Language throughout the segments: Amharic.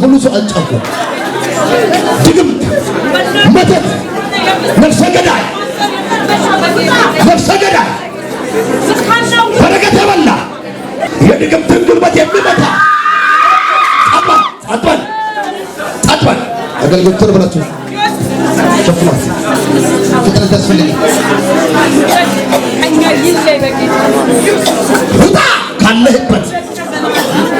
ሁሉ ሰው አንጫፉ ድግምት፣ መተት፣ ነፍሰ ገዳይ፣ ነፍሰ ገዳይ በረከት የበላ የድግምትን ጉልበት የሚመታ ጸጥበል አገልግሎት አገልግሎትን ብላችሁ ሸፍኗል። ፍጥነት ያስፈልጋል። ውጣ ካለህበት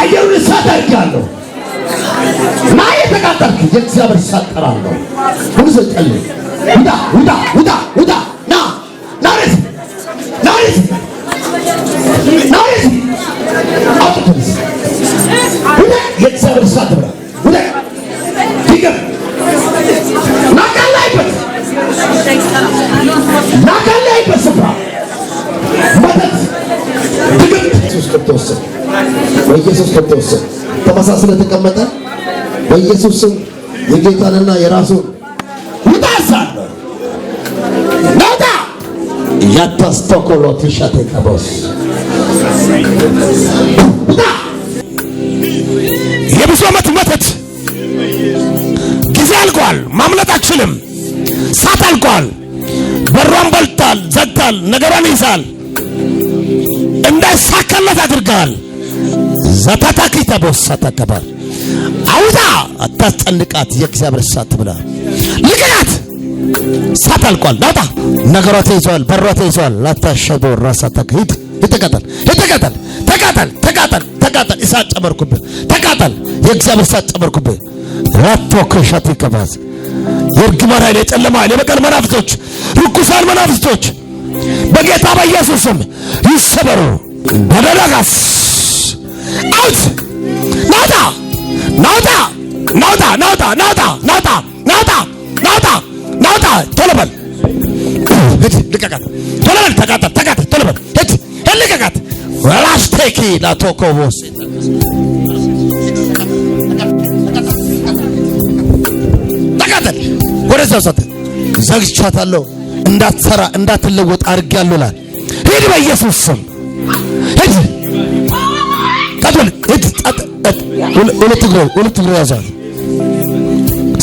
አየሩን እሳት አድርጌአለሁ እና የተቃጠልክ የእግዚአብሔር እሳት ጠራለሁ። ሁሉ ሰው ውጣ ውጣ ውጣ በኢየሱስ ክርስቶስ ተመሳስለ ተቀመጠ። በኢየሱስ ስም የጌታንና የራሱን ውጣሳለ ነጣ ያታስተኮሎ ትሻቴ ቀበስ የብዙ ዓመት መተት ጊዜ አልቋል። ማምለጥ አችልም። ሳት አልቋል። በሯን በልታል፣ ዘግታል፣ ነገሯን ይዛል። እንዳይሳካለት አድርገሃል። ዘተተኪተ በውሳተ ገበር አውጣ አታስጨንቃት። የእግዚአብሔር እሳት ብላ ልቅናት። እሳት አልቋል። ናውጣ ነገሯ ተይዘዋል። በሯ ተይዘዋል። ላታሸዶ ራሳተክ ሂድ ይተቃጠል ይተቃጠል ተቃጠል ተቃጠል ተቃጠል። እሳት ጨመርኩብህ። ተቃጠል። የእግዚአብሔር እሳት ጨመርኩብህ። ራቶ ከሻት ይከባዝ የእርግማን ኃይል፣ የጨለማ ኃይል፣ የበቀል መናፍስቶች፣ ርኩሳን መናፍስቶች በጌታ በኢየሱስም ይሰበሩ በደረጋስ አውት ናውጣ ናውጣ ናውጣ ናውጣ ናውጣ ናውጣ ናውጣ ናውጣ ናውጣ ቶሎ በል ሂድ ልቀቃት ቶሎ በል ተቃጠል ተቃጠል ቶሎ በል ሂድ ሂድ ልቀቃት ራስቴኪ ላቶኮቦስ ተቃጠል ወደዛው ሰተ ዘግቻታለሁ እንዳትሰራ እንዳትለወጥ አድርጌያለሁ ላል ሂድ በኢየሱስ ስም ሂድ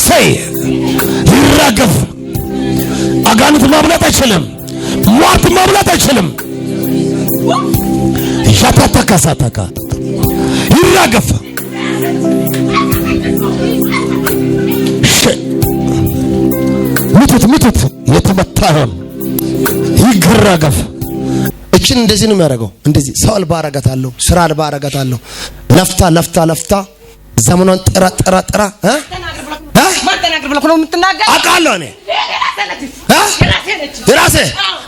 ሰይ ይራገፍ። አጋንንት ማብላት አይችልም። ሟርት ማብላት አይችልም። ሻታታካሳታካ ይራገፍ። ምቱት ምቱት፣ የተመታህም ይገራገፍ እችን እንደዚህ ነው የሚያደርገው። እንደዚህ ሰው አልባ አረጋታለሁ፣ ስራ አልባ አረጋታለሁ። ለፍታ ለፍታ ለፍታ ዘመኗን ጥራ ጥራ ጥራ አውቃለሁ እኔ የራሴ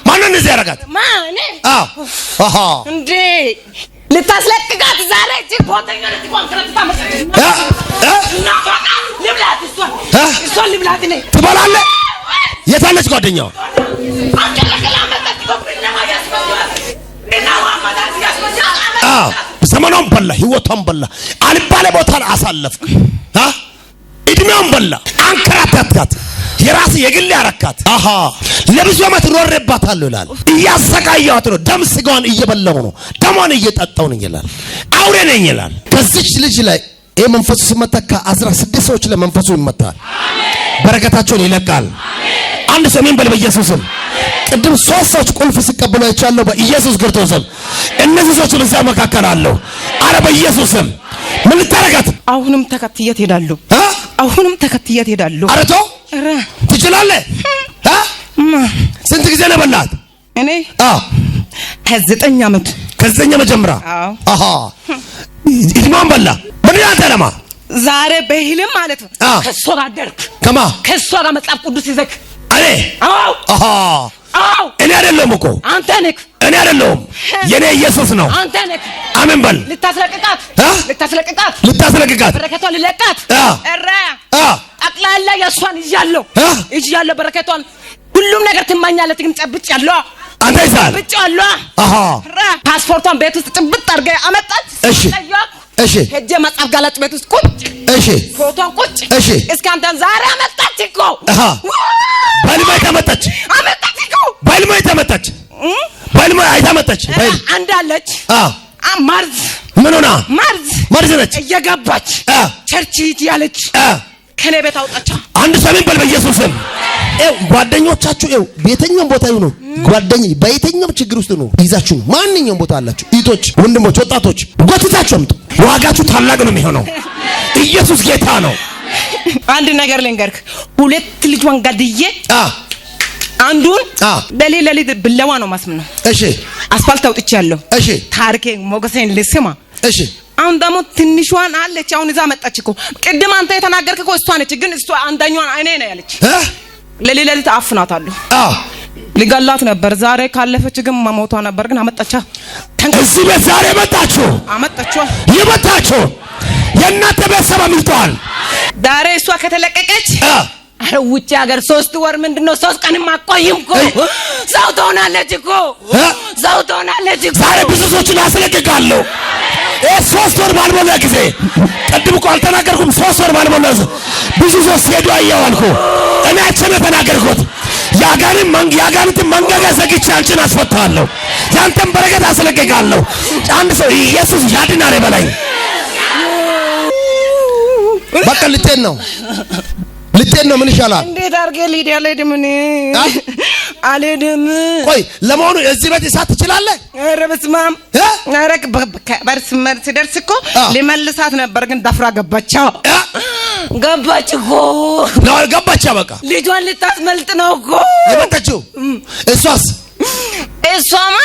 ማነው እንደዚህ ያደርጋት እንዴ? ልታስለቅቃት ዛሬ ትበላለህ። የታለች ጓደኛዋ ዘመኗን በላ፣ ህይወቷን በላ፣ አልባሌ ቦታ አሳለፍክ፣ እድሜዋን በላ፣ አንከራተትካት፣ የራስ የግል ያረካት። ለብዙ ዓመት ኖሬባታለሁ ይላል። እያሰቃየዋት ነው። ደም ስጋዋን እየበላው ነው። ደሟን እየጠጣው ነው ይላል። አውሬ ነኝ ይላል። በዚች ልጅ ላይ ይህ መንፈሱ ሲመታ ከአስራ ስድስት ሰዎች ላይ መንፈሱ ይመታል። በረከታቸውን ይለቃል። አንድ ሰሜን በል በኢየሱስም ቅድም ሶስት ሰዎች ቁልፍ ሲቀበሉ አይቻለሁ። በኢየሱስ ክርስቶስ ስም እነዚህ ሰዎች በዛ መካከል አለው። አረ በኢየሱስ ስም ምን ልታረጋት? አሁንም ተከትየት ሄዳለሁ። አሁንም ተከትያት ሄዳለሁ። አረ ተው፣ ትችላለህ። ስንት ጊዜ ነው በላት? እኔ ከዘጠኝ ዓመት ከዘጠኝ ዓመት ጀምራ። አዎ፣ በላ ምን ያንተ ለማ ዛሬ በህልም ማለት ነው ከእሷ ጋር አደርክ ከማ ከእሷ ጋር መጽሐፍ ቅዱስ ይዘክ አሬ አዎ እኔ አይደለም እኮ አንተ ነህ። እኔ አይደለሁም፣ የኔ ኢየሱስ ነው። አንተ ነህ። አሜን በል። ልታስለቅቃት ልታስለቅቃት ልታስለቅቃት በረከቷን ልለቃት እረ ጠቅላላ የእሷን ይዣለሁ ይዣለሁ በረከቷን ሁሉም ነገር ትማኛለህ። ግን ጨብጭ ያለዋ አንተ ይዛል ጨብጭ ያለዋ አሃ ፓስፖርቷን ቤት ውስጥ ጭብጥ አድርገህ አመጣት። እሺ እሺ ሄጄ መጽሐፍ ጋላጭ ቤት ውስጥ ቁጭ እሺ ፎቶን ቁጭ እሺ እስከ አንተን ዛሬ አመጣች እኮ አሃ በልባይ ተመጣች አመጣች በህልሞ የተመታች በህልሞ አይተመታች አንዳለች ማርዝ ምን ሆና ማርዝ ማርዝ ነች እየገባች ቸርች ሂድ ያለች ከኔ ቤት አውጣቻ። አንድ ሰሜን በል በኢየሱስ ስም። ጓደኞቻችሁ ኤው በየትኛውም ቦታ ይሁኑ ጓደኛ በየትኛውም ችግር ውስጥ ነው ይዛችሁ ማንኛውም ቦታ አላችሁ። እህቶች፣ ወንድሞች፣ ወጣቶች ጎትታችሁ አምጡ። ዋጋችሁ ታላቅ ነው የሚሆነው። ኢየሱስ ጌታ ነው። አንድ ነገር ልንገርክ፣ ሁለት ልጅ ወንጋድዬ አንዱን በሌ ለሌ ብለዋ ነው ማስም ነው። እሺ አስፋልት አውጥቼ ያለው እሺ ታሪኬን ሞገሴን ልስማ። እሺ አሁን ደግሞ ትንሿን አለች። አሁን እዛ መጣች እኮ ቅድም አንተ የተናገርክ እኮ እሷ ነች፣ ግን እሷ አንደኛዋን አይኔ ነው ያለች። ለሌ ለሌ አፍናታለሁ። አዎ ሊገላት ነበር። ዛሬ ካለፈች ግን መሞቷ ነበር፣ ግን አመጣቻ። እዚህ ቤት ዛሬ መጣችሁ፣ አመጣችሁ፣ ይመጣችሁ። የእናንተ ቤተሰብ አምልጧል። ዛሬ እሷ ከተለቀቀች አረ ውጭ ሀገር ሶስት ወር ምንድነው ነው ሶስት ቀንም አቆይም እኮ ሰው ትሆናለች እኮ ሰው ትሆናለች እኮ። ዛሬ ብዙ ሰዎችን አስለቅቃለሁ። ሶስት ወር ባልሞላ ጊዜ ቅድም እኮ አልተናገርኩም። ሶስት ወር ባልሞላ ብዙ ሰው ሲሄዱ አየሁ አልኩ። እኔ አይቼ ነው የተናገርኩት። የአጋንንትን መንገድ ዘግቼ አንቺን አስፈታለሁ፣ ያንተን በረከት አስለቅቃለሁ። አንድ ሰው ኢየሱስ ያድናል በለኝ። በቃ ልትሄድ ነው ልጤን ነው ምን ይሻላል? እንዴት አድርጌ ልሂድ? አልሄድም፣ እኔ አልሄድም። ቆይ ለመሆኑ እዚህ ቤት እሳት ትችላለህ? ኧረ በስመ አብ! ኧረ በርስ መርስ ሲደርስ እኮ ሊመልሳት ነበር፣ ግን ዳፍራ ገባቻው ገባች እኮ ነው ገባች። በቃ ልጇን ልታስመልጥ ነው እኮ የመጣችው እሷስ እሷማ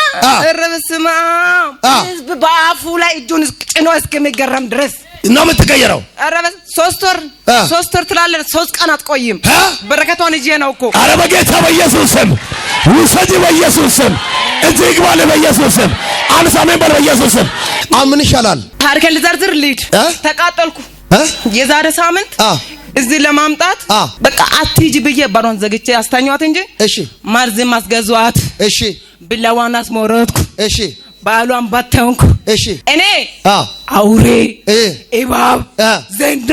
ኧረ በስመ አብ ህዝብ በአፉ ላይ እጁን ጭኖ እስከሚገረም ድረስ ነው የምትቀየረው። ኧረ ሦስት ወር ሦስት ወር ትላለህ፣ ሦስት ቀን አትቆይም። በረከቷን ይዤ ነው እኮ። ኧረ በጌታ በኢየሱስ ስም ውሰጂ፣ በኢየሱስ ስም እዚህ ይግባል፣ በኢየሱስ ስም አንሳሜን በል፣ በኢየሱስ ስም አምን ይሻላል። ታሪኬን ልዘርዝር ልሂድ። ተቃጠልኩ የዛሬ ሳምንት እዚህ ለማምጣት በቃ አትሂጂ ብዬ በሮን ዘግቼ አስተኛዋት እንጂ እሺ፣ መርዝም አስገዟት እሺ ብላዋን አስሞረትኩ። እሺ ባሏን ባታውንኩ። እሺ እኔ አውሬ፣ እባብ፣ ዘንዶ፣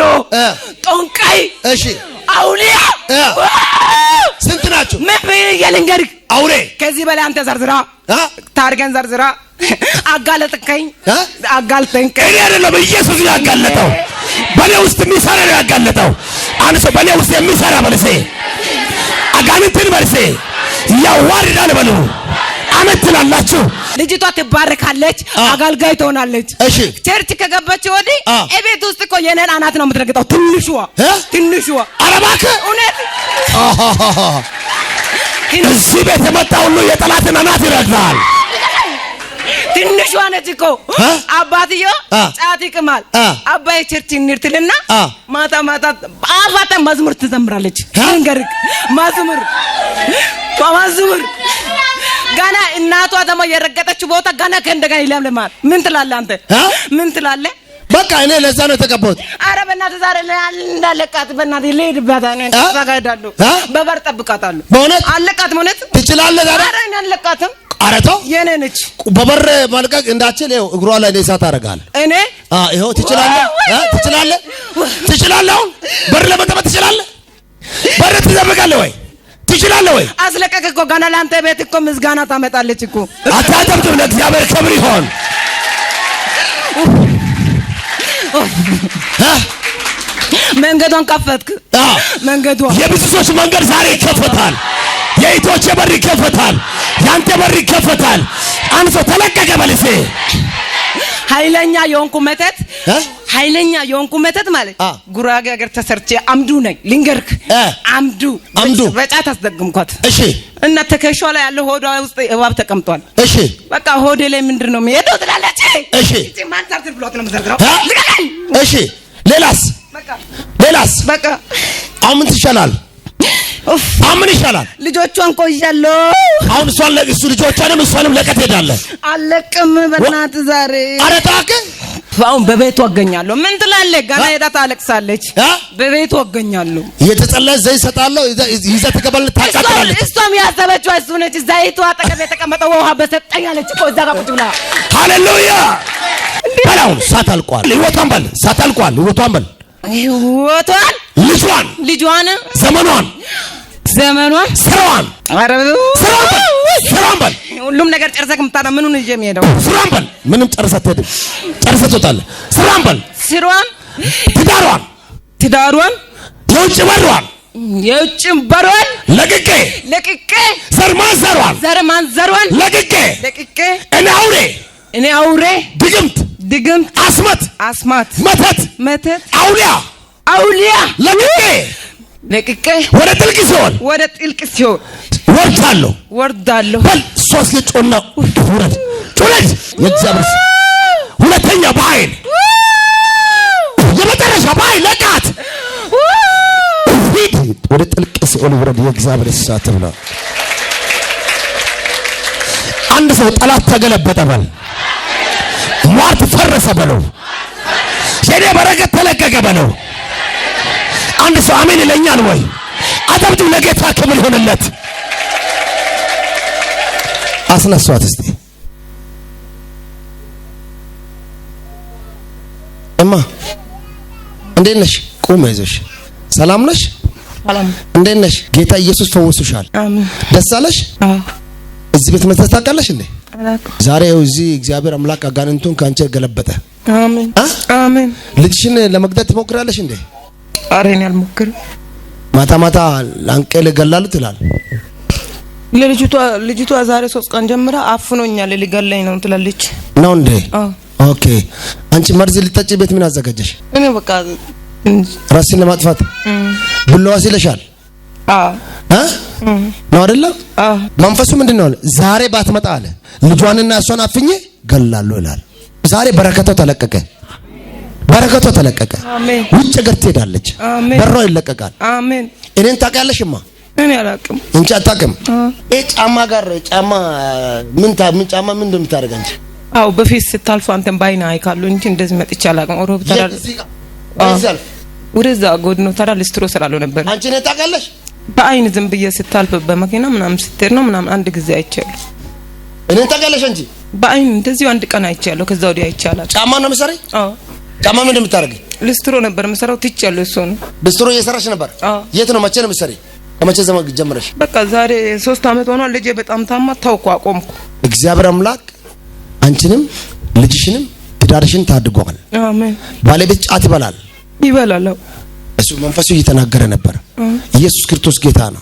ጦንቃይ፣ እሺ አውሊያ ስንት ናቸው? ምን ልንገርህ? አውሬ ከዚህ በላይ አንተ ዘርዝራ ታርገን ዘርዝራ አጋለጥከኝ አጋልጠንከኝ። እኔ አይደለም ኢየሱስ ያጋለጠው፣ በእኔ ውስጥ የሚሰራ ነው ያጋለጠው። አንድ ሰው በእኔ ውስጥ የሚሰራ መልሴ፣ አጋንንትን መልሴ ያዋርዳል በሉ አሜን ትላላችሁ። ልጅቷ ትባረካለች፣ አገልጋይ ትሆናለች። እሺ ቸርች ከገባች ወዲህ እቤት ውስጥ እኮ የኔን አናት ነው የምትረግጠው። ትንሽዋ ትንሽዋ አረባከ እውነት እዚህ ቤት የመጣ ሁሉ የጠላትን አናት ይረግጣል። ትንሿ ነች እኮ አባትዮ ጫት ይቅማል፣ አባይ ቸርች እንሂድ ማታ ማታ አፋታ መዝሙር ትዘምራለች። ንገርክ መዝሙር መዝሙር ገና እናቷ ደግሞ የረገጠች ቦታ ገና ከእንደገና ይለምልማል። ምን ትላለህ አንተ? ምን ትላለህ? በቃ እኔ ለዛ ነው የተቀባሁት። አረ በእናትህ ዛሬ እንዳለቃት በእናትህ ልሄድባት እሄዳለሁ። በበር ጠብቃታለሁ። በእውነት አለቃት እውነት ትችላለህ ዛሬ። አረ እኔ አለቃትም አረቶ የኔ ነች። በበር መልቀቅ እንዳችል ይኸው እግሯ ላይ እኔ እሳት አደርጋለሁ። እኔ አዎ ይኸው ትችላለህ፣ ትችላለህ፣ ትችላለህ። አሁን በር ለመጠበቅ ትችላለህ። በር ትዘብቃለህ ወይ? ትችላለህ ወይ? አስለቀቅ እኮ ገና ለአንተ ቤት እኮ ምዝጋና ታመጣለች እኮ አታጠብጥም። ለእግዚአብሔር ክብር ይሆን። መንገዷን ከፈትክ። መንገዷ የብዙ ሰዎች መንገድ ዛሬ ይከፈታል። የኢቶቼ በር ይከፈታል። ያንተ በር ይከፈታል። አንሶ ተለቀቀ በልሴ ኃይለኛ የሆንኩ መተት ኃይለኛ የሆንኩ መተት ማለት ጉራጌ ሀገር ተሰርቼ አምዱ ነኝ። ልንገርክ አምዱ አምዱ በጫት አስደግምኳት። እሺ እና ትከሻ ላይ ያለው ሆዷ ውስጥ እባብ ተቀምጧል። እሺ በቃ ሆዴ ላይ ምንድን ነው የሚሄደው ትላለች። እሺ ማንታርትር ብሏት ነው የምዘርግረው። እሺ ሌላስ ሌላስ በቃ አምን ትሻላል አምን ይሻላል። ልጆቿን ቆያለሁ። አሁን እሷን እሱ ልጆቿንም እሷንም ለቀት ሄዳለ። አለቅም በእናትህ ዛሬ አረታከ አሁን በቤቱ አገኛለሁ። ምን ትላለህ? ገና ሄዳ ታለቅሳለች። በቤቱ አገኛለሁ። የተጸለ ዘይት ሰጣለሁ። ይዛ ትገባለች፣ ታቃጥላለች። እሷም ያሰበችው እሱ ነች። ዘይቱ አጠገብ የተቀመጠው ውሃ በሰጠኝ አለች እኮ እዛ ጋር ቁጭ ብላ። ሃሌሉያ በላው። እሳት አልቋል። ህይወቷን በል፣ እሳት አልቋል። ህይወቷን በል፣ ህይወቷን፣ ልጇን፣ ልጇን፣ ዘመኗን፣ ዘመኗን፣ ስራዋን፣ አረብ ስራዋን ሰላም በል። ሁሉም ነገር ጨርሰህ የምታደርገው ምኑን ይዤ የምሄደው ስራም በል። ምንም ጨርሰህ አትሄድም፣ ጨርሰህ ትወጣለህ። ስራም በል፣ ስራም፣ ትዳሯን፣ ትዳሯን፣ የውጭ በሯን፣ የውጭ በሯን ለቅቄ፣ ለቅቄ፣ ዘር ማንዘሯን፣ ዘር ማንዘሯን ለቅቄ፣ ለቅቄ፣ እኔ አውሬ፣ እኔ አውሬ፣ ድግምት፣ ድግምት፣ አስመት፣ አስማት፣ መተት፣ መተት፣ አውሊያ፣ አውሊያ ለቅቄ ነቅቄ ወደ ጥልቅ ሲሆን ወደ ጥልቅ ሲሆን ወርዳለሁ ወርዳለሁ። በል ሶስት ልጮና ውረድ ጩለት የእግዚአብሔር ሁለተኛ በኃይል የመጨረሻ በኃይል ለቃት ሂድ ወደ ጥልቅ ውረድ። የእግዚአብሔር እሳት ብላ አንድ ሰው ጠላት ተገለበጠ በል ሟርት ፈረሰ በለው የኔ በረከት ተለቀቀ በለው አንድ ሰው አሜን ይለኛል ወይ? አጨብጭቡ። ለጌታ ክብር ይሆንለት። አስነሷት እስቲ እማ፣ እንዴት ነሽ? ቁም ይዘሽ ሰላም ነሽ? እንዴት ነሽ? ጌታ ኢየሱስ አሜን። ደስ አለሽ? እዚህ ቤት መጥተሽ ታውቃለሽ እንዴ? ዛሬ እዚህ እግዚአብሔር አምላክ አጋንንቱን ከአንቺ ገለበጠ። አሜን አሜን። ልጅሽን ለመግደል ትሞክራለሽ እንዴ? አሬን ያልሞክር ማታ ማታ አንቄ ልገላል ትላል። ለልጅቷ ልጅቷ ዛሬ ሶስት ቀን ጀምራ አፍኖኛል ሊገላኝ ነው ትላለች። ነው እንዴ? ኦኬ። አንቺ መርዝ ልጠጪ ቤት ምን አዘጋጀሽ? እኔ በቃ ራስን ለማጥፋት ብለዋ ሲለሻል። ነው አይደለ? መንፈሱ ምንድን ነው? ዛሬ ባትመጣ አለ ልጇንና እሷን አፍኜ ገላሉ ይላል። ዛሬ በረከተው ተለቀቀ። በረከቷ ተለቀቀ። ውጭ እግር ትሄዳለች። በሯ ይለቀቃል። አሜን። እኔን ታውቂያለሽማ? እኔ አላውቅም እንጂ አታውቅም። ይሄ ጫማ ጋር ጫማ ምን ታ ምን ጫማ ምን እንደምታደርግ አንቺ አው በፊት ስታልፉ አንተን ባይና አይካሉ እንጂ እንደዚህ መጥቼ አላውቅም። ኦሮብ ተራራ ወደዛ ጎድ ነው ተራ ልስትሮ ስላለው ነበር። አንቺ እኔን ታውቂያለሽ? በአይን ዝም ብዬ ስታልፍ በመኪና ምናምን ስትሄድ ነው ምናምን አንድ ጊዜ አይቻለሁ። እኔን ታውቂያለሽ እንጂ በአይን እንደዚሁ አንድ ቀን አይቻለሁ። ከዛ ወዲያ አይቻላል። ጫማ ነው መሰሪ አው ጫማ ምንድን የምታደርጊው? ልስትሮ ነበር የምሰራው። ያለው እሱ ነው ልስትሮ እየሰራሽ ነበር? የት ነው? መቼ ነው የምትሰሪው? ከመቼ ዘመን ጀምረሽ? በቃ ዛሬ ሶስት አመት ሆኗል። ልጄ በጣም ታማ ታውኩ፣ አቆምኩ። እግዚአብሔር አምላክ አንቺንም ልጅሽንም ትዳርሽን ታድጓል። አሜን። ባለቤት ጫት ይበላል ይበላል። እሱ መንፈሱ እየተናገረ ነበር። ኢየሱስ ክርስቶስ ጌታ ነው።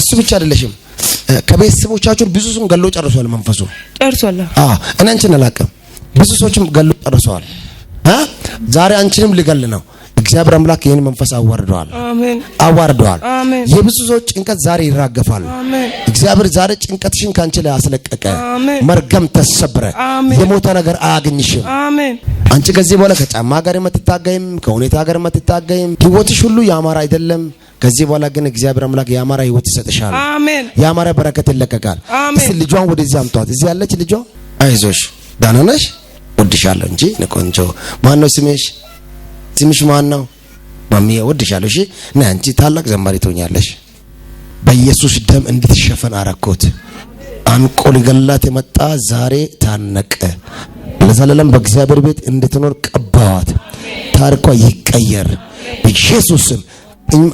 እሱ ብቻ አይደለሽም። ከቤተሰቦቻችሁን ብዙ ሰው ገሎ ጨርሷል። መንፈሱ ጨርሷል። አዎ፣ እኔ አንቺን አላውቅም። ብዙ ሰዎችም ገሎ ጨርሰዋል። ዛሬ አንቺንም ልገል ነው። እግዚአብሔር አምላክ ይህን መንፈስ አዋርደዋል፣ አዋርደዋል። የብዙ ሰዎች ጭንቀት ዛሬ ይራገፋል። እግዚአብሔር ዛሬ ጭንቀትሽን ከአንቺ ላይ አስለቀቀ። መርገም ተሰብረ የሞተ ነገር አያገኝሽም። አንቺ ከዚህ በኋላ ከጫማ ጋር የምትታገይም ከሁኔታ ጋር የምትታገይም ህይወትሽ ሁሉ ያማረ አይደለም። ከዚህ በኋላ ግን እግዚአብሔር አምላክ ያማረ ህይወት ይሰጥሻል። ያማረ በረከት ይለቀቃል። እስቲ ልጇን ወደዚህ አምጧት። እዚህ ያለች ልጇ አይዞሽ፣ ደህና ነሽ? ወድሻለሁ እንጂ ቆንጆ። ማን ነው ስምሽ? ስምሽ ማን ነው? ማሚዬ ወድሻለሁ። እሺ ና አንቺ ታላቅ ዘማሪ ትሆኛለሽ። በኢየሱስ ደም እንድትሸፈን አረኮት። አንቆ ሊገላት የመጣ ዛሬ ታነቀ። ለዘላለም በእግዚአብሔር ቤት እንድትኖር ቀባዋት። ታሪኳ ይቀየር በኢየሱስ ስም።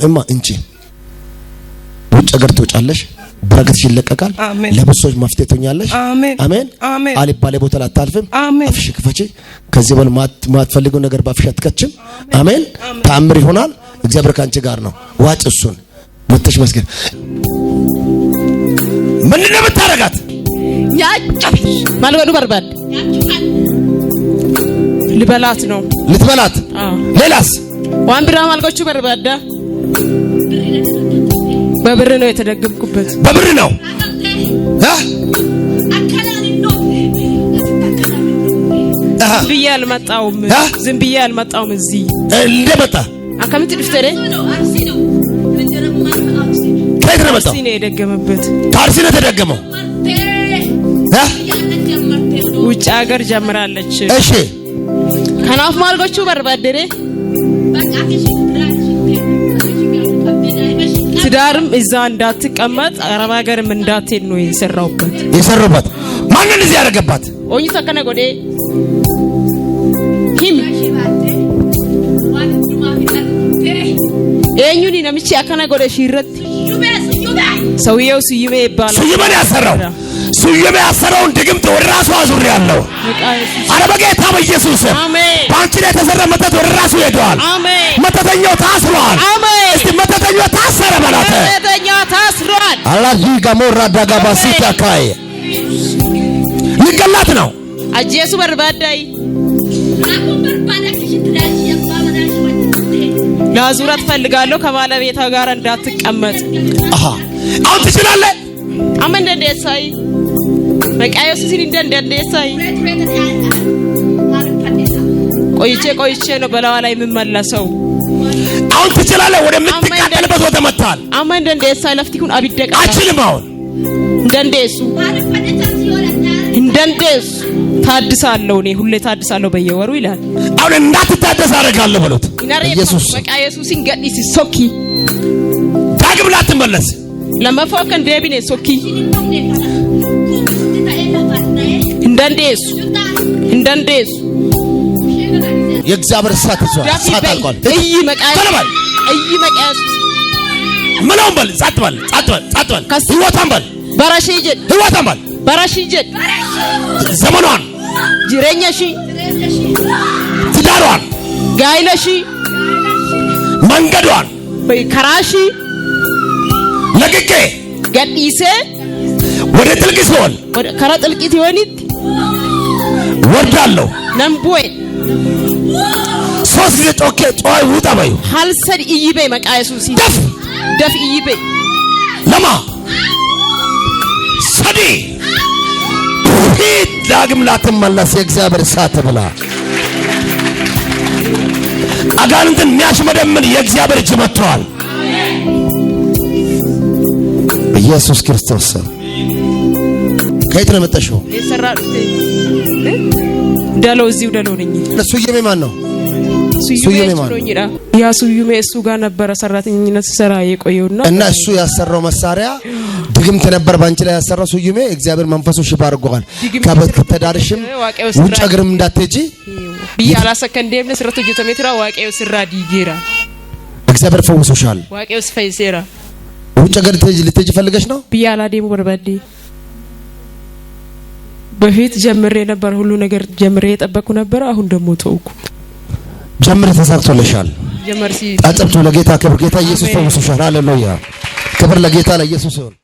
እማ እንቺ ውጭ ሀገር ትወጫለሽ። በረከት ይለቀቃል። ለብዙ ሰዎች መፍትሄ ትሆኛለሽ። አሜን አሜን። አልባሌ ቦታ ላይ አታልፍም። አፍሽ ክፈቺ። ከዚህ በል ማትፈልገው ነገር ባፍሽ አትከችም። አሜን። ተአምር ይሆናል። እግዚአብሔር ከአንቺ ጋር ነው። ዋጭ እሱን ወጥሽ መስገን ምንድን ነው የምታረጋት? ያጭፍ ማልበሉ በርበል ልበላት ነው ልትበላት ሌላስ ዋንብራ ቢራ ማልቆቹ በርበዳ በብር ነው የተደገምኩበት። በብር ነው ዝም ብዬ አልመጣሁም። ዝም ብዬ አልመጣሁም። እዚህ እንደመጣ አካምት ድፍተሬ ከየት ነው መጣው? ነው የደገመበት። ከአርሲ ነው የተደገመው። ውጭ ሀገር ጀምራለች። እሺ ከናፍ ማልጎቹ በርባደሬ ትዳርም እዛ እንዳትቀመጥ አረብ ሀገርም እንዳትሄድ ነው የሰራውበት የሰሩበት። ማንን እዚህ ያደረገባት? ኦኝሳ ከነ ጎዴ ሂም ኤኙኒ ነምቺ አከነ ጎዴ ሽረት ሰውየው ስዩሜ ይባላል። ስዩሜን ያሰራው ስዩም የሚያሰረውን ድግምት ወደ ራሱ ያለው አረ በጌታ በኢየሱስ በአንቺ ላይ የተዘራ መተት ወደ ራሱ ሄደዋል። መተተኛው ታስሯል። እስቲ መተተኛው ታሰረ በላት። አላዚ ጋሞራ ዳጋባሲት አካይ ሊገላት ነው አጄሱ በርባዳይ ናዙረት ፈልጋለሁ ከባለቤቷ ጋር እንዳትቀመጥ። አሃ አሁን ትችላለህ Amin da sai. Mai kayo su ቆይቼ ቆይቼ ነው በላዋ ላይ የምመለሰው። አሁን ትችላለህ። ወደ ምትቃጠልበት ቦታ መጥተሃል። ለፍቲኩን አብደቀ አችልም። አሁን እንደ እንደሱ ታድሳለሁ። እኔ ሁሌ ታድሳለሁ በየወሩ ይላል። አሁን እንዳትታደስ አደርጋለሁ በሉት። ኢየሱስ በቃ ኢየሱስን ገዲስ ሶኪ ዳግም ላትመለስ Lamafukan deebine sokkii hin dandeessu hin dandeessu። የእግዚአብሔር እሳት ይዟል። እሳት አልቋል። እይ መቃየስ እይ መቃየስ ምነው በል ጸጥ በል ጸጥ በል ጸጥ በል ህይወቷን በል በራሽ ይጀድ ህይወቷን በል በራሽ ይጀድ ዘመኗን ጅሬኛሺ ትዳሯን ጋይነሺ መንገዷን በይ ከራሺ ለቅቄ ገዲሰ ወደ ጥልቅ ሲሆን ወደ ከራ ጥልቅ ይሆንት ወርዳለሁ ነምቦይ ሶስት ጊዜ ጮኬ ጮይ ውጣ በዩ ሀልሰድ እይቤ መቃ ኢየሱስ ደፍ ደፍ እይቤ ለማ ሰዲ ፊት ዳግም ላትመለስ የእግዚአብሔር እሳት ብላ አጋንንትን የሚያሽመደምን የእግዚአብሔር እጅ አሜን። በኢየሱስ ክርስቶስ ስም። ከየት ነው የመጣሽው? ደሎ እዚሁ ደሎ ነኝ። እሱ ሱየሜ ማን ነው? ያ ሱዩሜ እሱ ጋር ነበረ ሰራተኝነት ስራ የቆየውና እና እሱ ያሰራው መሳሪያ ድግምት ነበር ባንቺ ላይ ያሰራው ሱዩሜ። እግዚአብሔር መንፈሱ ሽባ አድርጓል። ከበት ከተዳርሽም ውጭ አገርም እንዳትሄጂ ቢያላ ሰከንዴም ስራቱ ጀቶሜትራ ዋቄው ስራ ዲጌራ እግዚአብሔር ፈውሶሻል። ዋቄው ስፈይሴራ ውጭ ሀገር ልትሄጂ ፈልገሽ ነው? ብያላ ዴሞ በርበዴ በፊት ጀምሬ ነበር፣ ሁሉ ነገር ጀምሬ የጠበቅኩ ነበር። አሁን ደግሞ ተውኩ። ጀምሬ ተሳክቶልሻል። ጀመርሲ አጥብቶ ለጌታ ክብር። ጌታ ኢየሱስ ተመስሎሻል። ሃሌሉያ! ክብር ለጌታ ለኢየሱስ ይሁን።